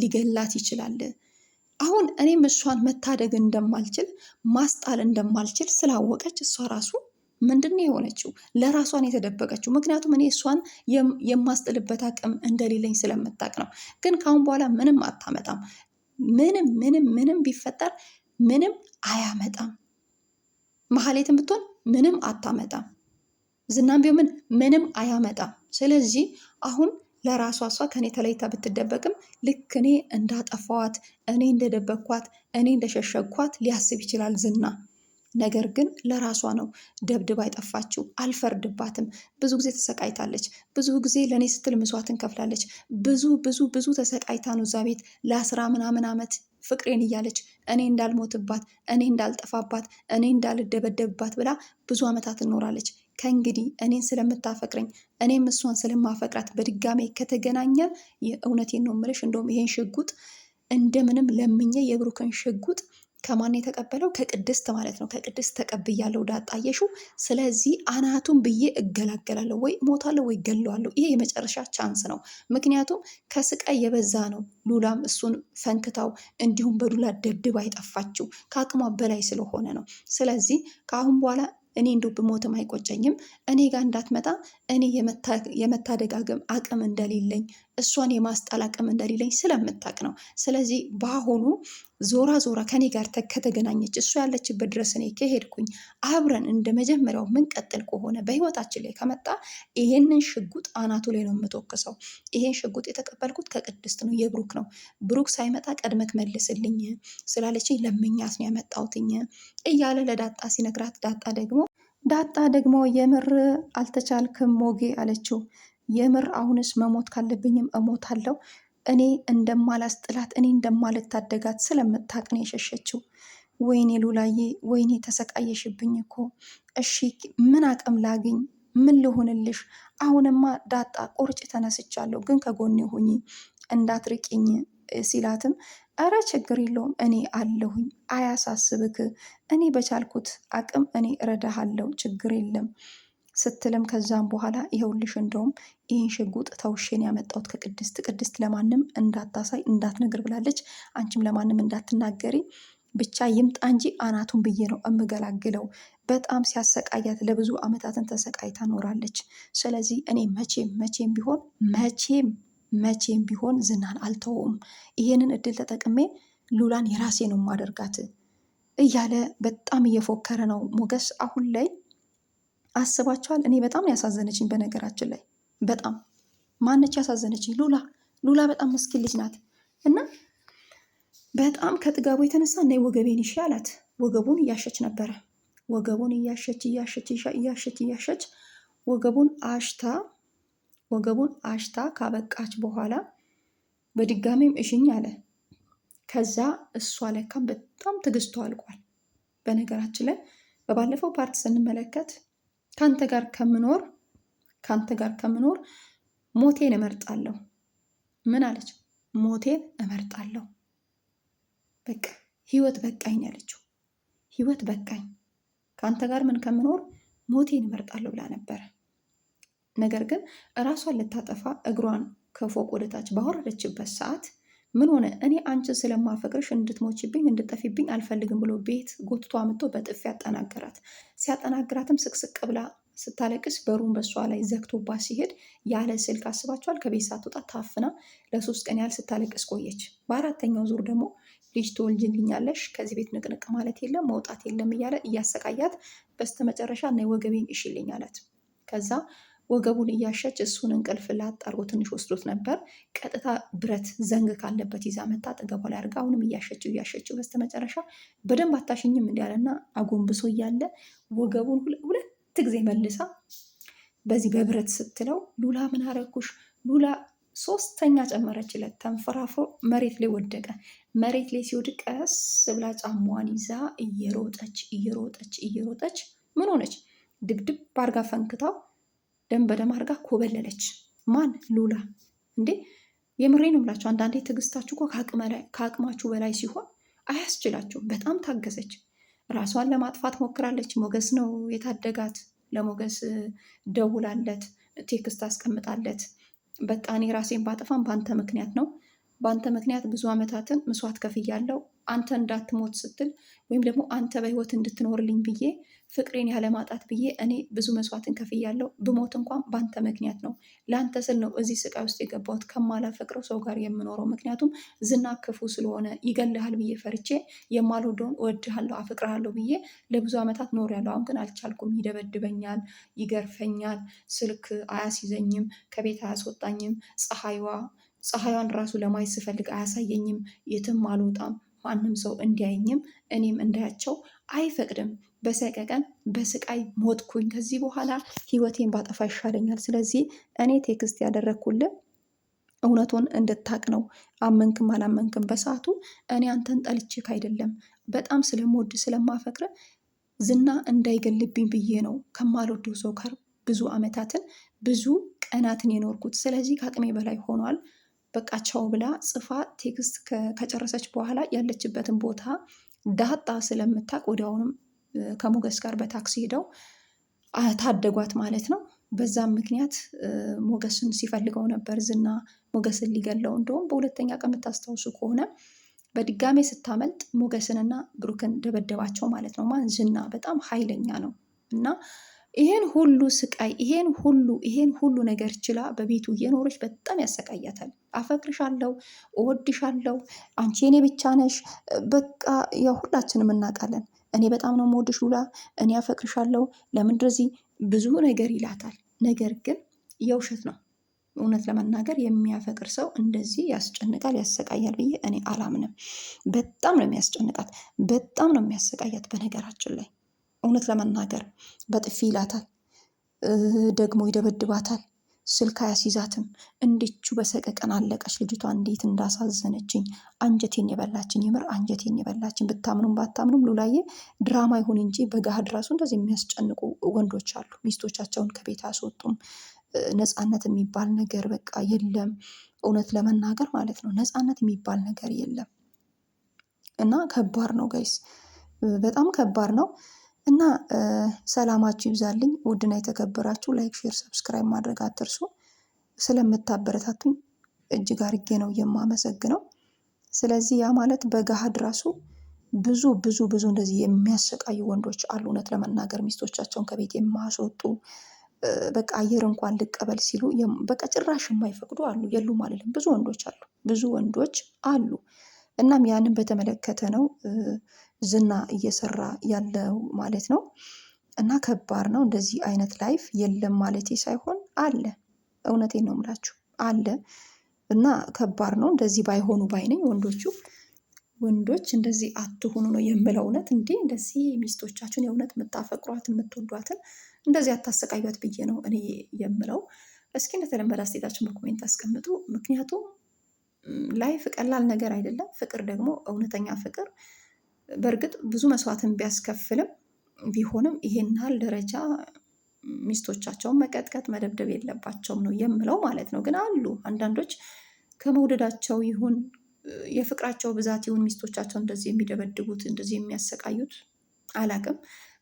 ሊገላት ይችላል። አሁን እኔም እሷን መታደግ እንደማልችል ማስጣል እንደማልችል ስላወቀች እሷ ራሱ ምንድን የሆነችው? ለራሷን የተደበቀችው። ምክንያቱም እኔ እሷን የማስጥልበት አቅም እንደሌለኝ ስለምታውቅ ነው። ግን ከአሁን በኋላ ምንም አታመጣም። ምንም ምንም ምንም ቢፈጠር ምንም አያመጣም። መሀሌትም ብትሆን ምንም አታመጣም። ዝናም ቢሆን ምንም አያመጣም። ስለዚህ አሁን ለራሷ እሷ ከኔ ተለይታ ብትደበቅም ልክ እኔ እንዳጠፋዋት፣ እኔ እንደደበቅኳት፣ እኔ እንደሸሸግኳት ሊያስብ ይችላል ዝና። ነገር ግን ለራሷ ነው ደብድባ አይጠፋችው። አልፈርድባትም። ብዙ ጊዜ ተሰቃይታለች። ብዙ ጊዜ ለእኔ ስትል ምስዋትን ከፍላለች። ብዙ ብዙ ብዙ ተሰቃይታ ነው እዛ ቤት ለአስራ ምናምን ዓመት ፍቅሬን እያለች እኔ እንዳልሞትባት፣ እኔ እንዳልጠፋባት፣ እኔ እንዳልደበደብባት ብላ ብዙ ዓመታት እኖራለች። ከእንግዲህ እኔን ስለምታፈቅረኝ እኔም እሷን ስለማፈቅራት በድጋሜ ከተገናኘን እውነቴን ነው የምልሽ፣ እንደውም ይሄን ሽጉጥ እንደምንም ለምኜ የብሩክን ሽጉጥ ከማን የተቀበለው? ከቅድስት ማለት ነው። ከቅድስት ተቀብያለሁ ዳጣየሹ። ስለዚህ አናቱን ብዬ እገላገላለሁ፣ ወይ እሞታለሁ ወይ ገለዋለሁ። ይሄ የመጨረሻ ቻንስ ነው። ምክንያቱም ከስቃይ የበዛ ነው። ሉላም እሱን ፈንክታው እንዲሁም በዱላ ደብድባ አይጠፋችው ከአቅሟ በላይ ስለሆነ ነው። ስለዚህ ከአሁን በኋላ እኔ እንደው ብሞትም አይቆጨኝም። እኔ ጋር እንዳትመጣ እኔ የመታደግ አቅም እንደሌለኝ እሷን የማስጣል አቅም እንደሌለኝ ስለምታውቅ ነው። ስለዚህ በአሁኑ ዞራ ዞራ ከኔ ጋር ከተገናኘች እሷ ያለችበት ድረስ እኔ ከሄድኩኝ አብረን እንደ መጀመሪያው ምንቀጥል ከሆነ በህይወታችን ላይ ከመጣ ይሄንን ሽጉጥ አናቱ ላይ ነው የምትወቅሰው። ይሄን ሽጉጥ የተቀበልኩት ከቅድስት ነው፣ የብሩክ ነው። ብሩክ ሳይመጣ ቀድመክ መልስልኝ ስላለችኝ ለምኛት ነው ያመጣውትኝ እያለ ለዳጣ ሲነግራት ዳጣ ደግሞ ዳጣ ደግሞ የምር አልተቻልክም ሞጌ አለችው። የምር አሁንስ መሞት ካለብኝም እሞታለሁ። እኔ እንደማላስጥላት እኔ እንደማልታደጋት ስለምታቅ ነው የሸሸችው። ወይኔ ሉላዬ፣ ወይኔ ተሰቃየሽብኝ እኮ። እሺ ምን አቅም ላግኝ? ምን ልሆንልሽ? አሁንማ ዳጣ ቁርጭ ተነስቻለሁ፣ ግን ከጎኔ ሁኚ እንዳትርቂኝ ሲላትም እረ ችግር የለውም እኔ አለሁኝ፣ አያሳስብክ፣ እኔ በቻልኩት አቅም እኔ እረዳሃለሁ፣ ችግር የለም ስትልም ከዛም በኋላ ይኸውልሽ እንደውም ይህን ሽጉጥ ተውሼን ያመጣሁት ከቅድስት ቅድስት ለማንም እንዳታሳይ እንዳትነግር ብላለች። አንቺም ለማንም እንዳትናገሪ ብቻ ይምጣ እንጂ አናቱን ብዬ ነው እምገላግለው። በጣም ሲያሰቃያት ለብዙ ዓመታትን ተሰቃይታ ኖራለች። ስለዚህ እኔ መቼም መቼም ቢሆን መቼም መቼም ቢሆን ዝናን አልተውም። ይሄንን እድል ተጠቅሜ ሉላን የራሴ ነው ማደርጋት እያለ በጣም እየፎከረ ነው ሞገስ አሁን ላይ አስባችኋል? እኔ በጣም ያሳዘነችኝ በነገራችን ላይ በጣም ማነች ያሳዘነችኝ? ሉላ ሉላ በጣም ምስኪን ልጅ ናት እና በጣም ከጥጋቡ የተነሳ እና ወገቤን ይሻ አላት። ወገቡን እያሸች ነበረ። ወገቡን እያሸች እያሸች እያሸች እያሸች ወገቡን አሽታ ወገቡን አሽታ ካበቃች በኋላ በድጋሚም እሽኝ አለ። ከዛ እሷ ለካም በጣም ትዕግስቷ አልቋል። በነገራችን ላይ በባለፈው ፓርት ስንመለከት ከአንተ ጋር ከምኖር ከአንተ ጋር ከምኖር ሞቴን እመርጣለሁ። ምን አለች? ሞቴን እመርጣለሁ። በቃ ህይወት በቃኝ ያለችው ህይወት በቃኝ፣ ከአንተ ጋር ምን ከምኖር ሞቴን እመርጣለሁ ብላ ነበረ። ነገር ግን እራሷን ልታጠፋ እግሯን ከፎቅ ወደታች ባወረደችበት ሰዓት ምን ሆነ እኔ አንቺ ስለማፈቅርሽ እንድትሞችብኝ እንድጠፊብኝ አልፈልግም ብሎ ቤት ጎትቶ አምጥቶ በጥፊ ያጠናገራት። ሲያጠናግራትም ስቅስቅ ብላ ስታለቅስ በሩን በሷ ላይ ዘግቶባት ሲሄድ ያለ ስልክ አስባቸዋል። ከቤት ሳትወጣ ታፍና ለሶስት ቀን ያህል ስታለቅስ ቆየች። በአራተኛው ዙር ደግሞ ልጅ ትወልጅልኛለሽ፣ ከዚህ ቤት ንቅንቅ ማለት የለም መውጣት የለም እያለ እያሰቃያት በስተመጨረሻ ና ወገቤን እሽልኝ አላት። ከዛ ወገቡን እያሸች እሱን እንቅልፍ ላጥ አድርጎ ትንሽ ወስዶት ነበር። ቀጥታ ብረት ዘንግ ካለበት ይዛ መታ አጠገቧ ላይ አድርጋ አሁንም እያሸችው እያሸችው በስተመጨረሻ በደንብ አታሽኝም እንዲያለና አጎንብሶ እያለ ወገቡን ሁለት ጊዜ መልሳ በዚህ በብረት ስትለው ሉላ ምን አረኩሽ ሉላ ሶስተኛ ጨመረችለት። ተንፈራፎ መሬት ላይ ወደቀ። መሬት ላይ ሲወድቅ ቀስ ብላ ጫማዋን ይዛ እየሮጠች እየሮጠች እየሮጠች ምን ሆነች ድብድብ አድርጋ ፈንክታው ደም በደም አድርጋ ኮበለለች። ማን ሉላ እንዴ! የምሬ ነው ምላቸው አንዳንዴ ትዕግስታችሁ እኮ ከአቅማችሁ በላይ ሲሆን አያስችላችሁም። በጣም ታገሰች። ራሷን ለማጥፋት ሞክራለች። ሞገስ ነው የታደጋት። ለሞገስ ደውላለት፣ ቴክስት አስቀምጣለት። በቃ እኔ ራሴን ባጠፋም በአንተ ምክንያት ነው። በአንተ ምክንያት ብዙ ዓመታትን ምስዋት ከፍያለው አንተ እንዳትሞት ስትል ወይም ደግሞ አንተ በህይወት እንድትኖርልኝ ብዬ ፍቅሬን ያለማጣት ብዬ እኔ ብዙ መስዋዕትን ከፍያለሁ። ብሞት እንኳን በአንተ ምክንያት ነው፣ ለአንተ ስል ነው እዚህ ስቃይ ውስጥ የገባሁት ከማላፈቅረው ሰው ጋር የምኖረው። ምክንያቱም ዝና ክፉ ስለሆነ ይገልሃል ብዬ ፈርቼ የማልወደውን እወድሃለሁ፣ አፍቅርሃለሁ ብዬ ለብዙ ዓመታት ኖሬያለሁ። አሁን ግን አልቻልኩም። ይደበድበኛል፣ ይገርፈኛል፣ ስልክ አያስይዘኝም፣ ከቤት አያስወጣኝም፣ ፀሐይዋ ፀሐይዋን ራሱ ለማየት ስፈልግ አያሳየኝም፣ የትም አልወጣም ማንም ሰው እንዲያይኝም እኔም እንዳያቸው አይፈቅድም። በሰቀቀን በስቃይ ሞትኩኝ። ከዚህ በኋላ ህይወቴን ባጠፋ ይሻለኛል። ስለዚህ እኔ ቴክስት ያደረግኩልን እውነቱን እንድታቅ ነው። አመንክም አላመንክም በሰዓቱ እኔ አንተን ጠልቼክ አይደለም፣ በጣም ስለምወድ ስለማፈቅረ ዝና እንዳይገልብኝ ብዬ ነው ከማልወደው ሰው ጋር ብዙ አመታትን ብዙ ቀናትን የኖርኩት። ስለዚህ ከአቅሜ በላይ ሆኗል። በቃ ቻው ብላ ጽፋ ቴክስት ከጨረሰች በኋላ ያለችበትን ቦታ ዳጣ ስለምታቅ ወዲያውኑም ከሞገስ ጋር በታክሲ ሄደው ታደጓት ማለት ነው። በዛም ምክንያት ሞገስን ሲፈልገው ነበር ዝና ሞገስን ሊገለው። እንደውም በሁለተኛ ቀን የምታስታውሱ ከሆነ በድጋሜ ስታመልጥ ሞገስንና ብሩክን ደበደባቸው ማለት ነው። ማን ዝና በጣም ኃይለኛ ነው እና ይሄን ሁሉ ስቃይ ይሄን ሁሉ ይሄን ሁሉ ነገር ችላ በቤቱ እየኖረች በጣም ያሰቃያታል። አፈቅርሻለሁ፣ እወድሻለሁ፣ አንቺ የኔ ብቻ ነሽ፣ በቃ ያው ሁላችንም እናውቃለን። እኔ በጣም ነው የምወድሽ ሉላ፣ እኔ አፈቅርሻለሁ፣ ለምን እንደዚህ ብዙ ነገር ይላታል። ነገር ግን የውሸት ነው። እውነት ለመናገር የሚያፈቅር ሰው እንደዚህ ያስጨንቃል፣ ያሰቃያል ብዬ እኔ አላምንም። በጣም ነው የሚያስጨንቃት፣ በጣም ነው የሚያሰቃያት በነገራችን ላይ እውነት ለመናገር በጥፊ ይላታል፣ ደግሞ ይደበድባታል። ስልክ አያስይዛትም። እንዲቹ በሰቀቀን አለቀች። ልጅቷ እንዴት እንዳሳዘነችኝ አንጀቴን የበላችን የምር አንጀቴን የበላችን። ብታምኑም ባታምኑም ሉላዬ ድራማ ይሁን እንጂ በገሃድ ራሱ እንደዚህ የሚያስጨንቁ ወንዶች አሉ። ሚስቶቻቸውን ከቤት አያስወጡም። ነፃነት የሚባል ነገር በቃ የለም። እውነት ለመናገር ማለት ነው ነፃነት የሚባል ነገር የለም እና ከባድ ነው ጋይስ፣ በጣም ከባድ ነው። እና ሰላማችሁ ይብዛልኝ። ውድና የተከበራችሁ ላይክ፣ ሼር፣ ሰብስክራይብ ማድረግ አትርሱ። ስለምታበረታቱኝ እጅግ አርጌ ነው የማመሰግነው። ስለዚህ ያ ማለት በገሃድ ራሱ ብዙ ብዙ ብዙ እንደዚህ የሚያሰቃዩ ወንዶች አሉ። እውነት ለመናገር ሚስቶቻቸውን ከቤት የማስወጡ በቃ አየር እንኳን ልቀበል ሲሉ በቃ ጭራሽ የማይፈቅዱ አሉ። የሉም አልልም፣ ብዙ ወንዶች አሉ፣ ብዙ ወንዶች አሉ። እናም ያንን በተመለከተ ነው ዝና እየሰራ ያለው ማለት ነው። እና ከባድ ነው። እንደዚህ አይነት ላይፍ የለም ማለት ሳይሆን አለ፣ እውነቴን ነው የምላችሁ አለ። እና ከባድ ነው። እንደዚህ ባይሆኑ ባይነኝ ወንዶቹ ወንዶች እንደዚህ አትሆኑ ነው የምለው። እውነት እንዲ እንደዚህ ሚስቶቻችሁን የእውነት የምታፈቅሯት የምትወዷትን እንደዚህ አታሰቃዩት ብዬ ነው እኔ የምለው። እስኪ እንደተለመደ አስቴታችን በኮሜንት አስቀምጡ። ምክንያቱም ላይፍ ቀላል ነገር አይደለም። ፍቅር ደግሞ እውነተኛ ፍቅር በእርግጥ ብዙ መስዋዕትን ቢያስከፍልም ቢሆንም ይሄን ያህል ደረጃ ሚስቶቻቸውን መቀጥቀጥ መደብደብ የለባቸውም ነው የምለው ማለት ነው። ግን አሉ አንዳንዶች ከመውደዳቸው ይሁን የፍቅራቸው ብዛት ይሁን ሚስቶቻቸው እንደዚህ የሚደበድቡት እንደዚህ የሚያሰቃዩት አላቅም።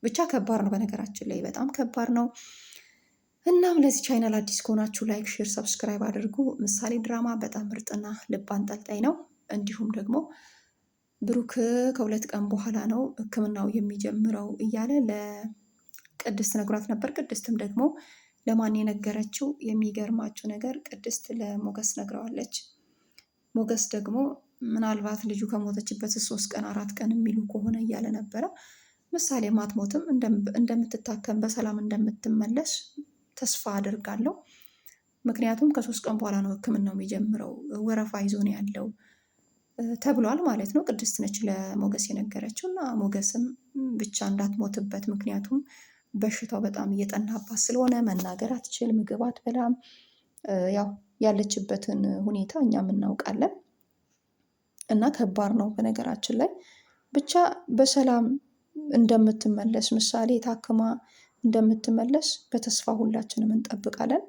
ብቻ ከባድ ነው፣ በነገራችን ላይ በጣም ከባድ ነው። እናም ለዚህ ቻይናል አዲስ ከሆናችሁ ላይክ፣ ሼር፣ ሰብስክራይብ አድርጉ። ምሳሌ ድራማ በጣም ምርጥና ልብ አንጠልጣይ ነው። እንዲሁም ደግሞ ብሩክ ከሁለት ቀን በኋላ ነው ሕክምናው የሚጀምረው እያለ ለቅድስት ነግሯት ነበር። ቅድስትም ደግሞ ለማን የነገረችው? የሚገርማችሁ ነገር ቅድስት ለሞገስ ነግረዋለች። ሞገስ ደግሞ ምናልባት ልጁ ከሞተችበት ሶስት ቀን አራት ቀን የሚሉ ከሆነ እያለ ነበረ። ምሳሌ ማትሞትም እንደምትታከም በሰላም እንደምትመለስ ተስፋ አድርጋለሁ። ምክንያቱም ከሶስት ቀን በኋላ ነው ህክምናው የሚጀምረው። ወረፋ ይዞ ነው ያለው ተብሏል ማለት ነው። ቅድስት ነች ለሞገስ የነገረችው እና ሞገስም ብቻ እንዳትሞትበት ምክንያቱም በሽታው በጣም እየጠናባት ስለሆነ መናገር አትችል፣ ምግብ አትበላም። ያው ያለችበትን ሁኔታ እኛም እናውቃለን እና ከባድ ነው በነገራችን ላይ ብቻ በሰላም እንደምትመለስ ምሳሌ ታክማ እንደምትመለስ በተስፋ ሁላችንም እንጠብቃለን።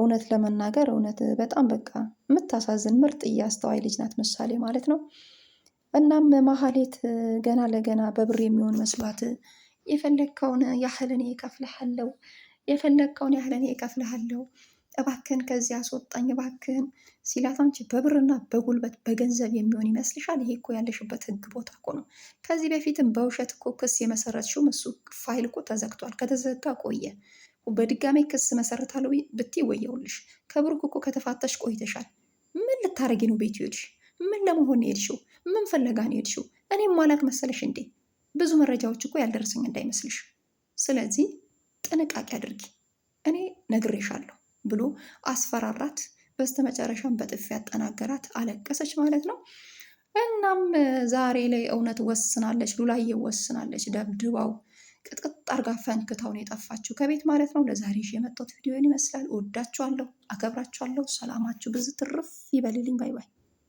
እውነት ለመናገር እውነት በጣም በቃ የምታሳዝን ምርጥ እያስተዋይ ልጅ ናት ምሳሌ ማለት ነው። እናም ማህሌት ገና ለገና በብር የሚሆን መስሏት የፈለግከውን ያህል እኔ እከፍልሃለሁ፣ የፈለግከውን ያህል እኔ እከፍልሃለሁ፣ እባክህን ከዚህ አስወጣኝ እባክህን ሲላት፣ አንቺ በብርና በጉልበት በገንዘብ የሚሆን ይመስልሻል? ይሄ እኮ ያለሽበት ህግ ቦታ እኮ ነው። ከዚህ በፊትም በውሸት እኮ ክስ የመሰረትሽውም እሱ ፋይል እኮ ተዘግቷል። ከተዘጋ ቆየ። በድጋሜ ክስ መሰርታለሁ ብትይ ወየውልሽ። ከብሩክ እኮ ከተፋታሽ ቆይተሻል። ምን ልታረጊ ነው ቤት ሄድሽ? ምን ለመሆን ሄድሽው? ምን ፈለጋ ነው ሄድሽው? እኔም ማላቅ መሰለሽ እንዴ? ብዙ መረጃዎች እኮ ያልደረሰኝ እንዳይመስልሽ። ስለዚህ ጥንቃቄ አድርጊ፣ እኔ ነግሬሻለሁ ብሎ አስፈራራት። በስተመጨረሻም በጥፊ ያጠናገራት፣ አለቀሰች ማለት ነው። እናም ዛሬ ላይ እውነት ወስናለች፣ ሉላዬ ወስናለች። ደብድባው ቅጥቅጥ አርጋ ፈንክታው ነው የጠፋችው ከቤት ማለት ነው። ለዛሬ ይዤ የመጣሁት ቪዲዮን ይመስላል። እወዳችኋለሁ፣ አከብራችኋለሁ። ሰላማችሁ ብዙ ትርፍ ይበልልኝ። ባይ ባይ።